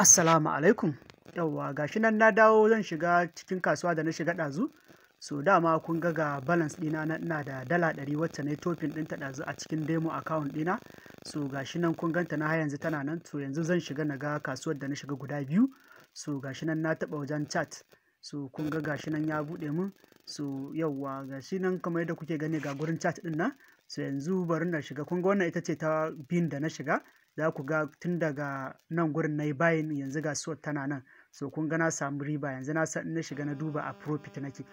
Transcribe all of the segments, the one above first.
assalamu alaikum yauwa gashi nan na dawo zan shiga cikin kasuwa da na shiga ɗazu so dama kun ga ga balance ɗina na ina da dala ɗari wacce na yi tofin ɗinta ɗazu a cikin demo account ɗina so gashi nan kun ganta na yanzu tana nan to yanzu zan shiga na ga kasuwar da na shiga guda biyu so gashi nan na taɓa wajen chat so kun ga gashi nan ya buɗe mun so yauwa gashi nan kamar yadda kuke gani ga gurin chat ɗin nan so yanzu bari na shiga kun ga wannan ita ce ta bin da na shiga za ku ga tun daga nan gurin na yi bayin yanzu ga suwar tana nan so kun ga na samu riba yanzu na na shiga na duba a profit nake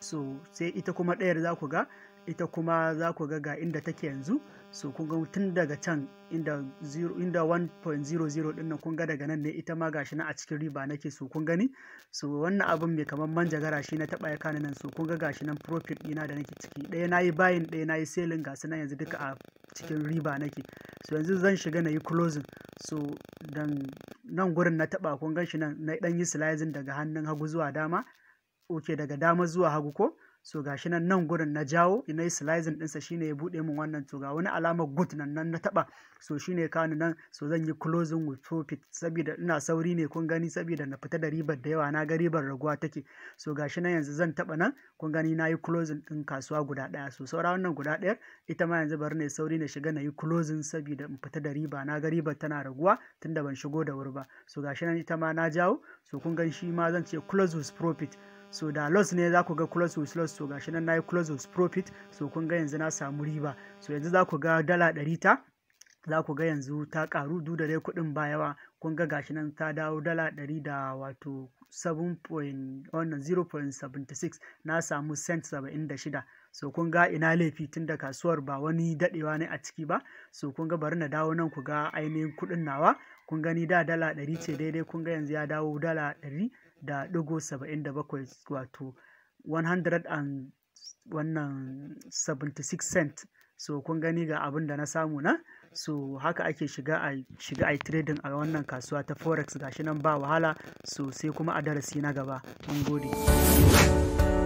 so sai ita kuma ɗayar za ku ga ita kuma za ku ga ga inda take yanzu so kun ga tun daga can inda zero, inda 1.00 din nan kun ga daga nan ne ita ma gashi nan a cikin riba nake so kun gani so wannan abin mai kamar manjagara shi na taba ya kana nan so kun ga gashi nan profit dina da nake ciki ɗaya nayi buying ɗaya nayi selling gasu nan yanzu duka a cikin riba nake so yanzu zan shiga na yi closing so dan nan gurin na taba kun gan shi nan na dan yi slicing daga hannun hagu zuwa dama ok daga dama zuwa hagu ko so gashi nan nan gurin na jawo ina silizin slicing ɗinsa shine ya buɗe mun wannan to ga wani alamar good nan nan na taɓa so shine kanu nan so zan yi closing with profit saboda ina sauri ne kun gani saboda na fita da ribar da yawa na ga ribar raguwa take so gashi nan yanzu zan taɓa nan kun gani na yi closing ɗin kasuwa guda ɗaya so saura wannan guda ɗayar ita ma yanzu bari na sauri na shiga na yi closing saboda in fita da riba na ga ribar tana raguwa tunda ban shigo da wuri ba so gashi nan ita ma na jawo so kun gani shi ma zan ce close with profit so da loss ne za ku ga close with loss so gashi nan na yi close with profit so kun ga yanzu na samu riba so yanzu za ku ga dala ɗari ta za ku ga yanzu ta karu duk da dai kuɗin ba yawa kun ga gashi nan ta dawo dala ɗari da wato 0.76 na samu cent 76 so kun ga ina laifi tun da kasuwar ba wani daɗewa ne a ciki ba so kun ga bari na dawo nan ku ga ainihin kuɗin nawa kun gani da dala ɗari ce daidai kun ga yanzu ya dawo dala ɗari da ɗigo saba'in da bakwai wato 176 and cent so kun gani ga abin da na samu na so haka ake shiga a shiga a trading a wannan kasuwa ta forex gashi nan ba wahala so sai kuma a darasi na gaba mun gode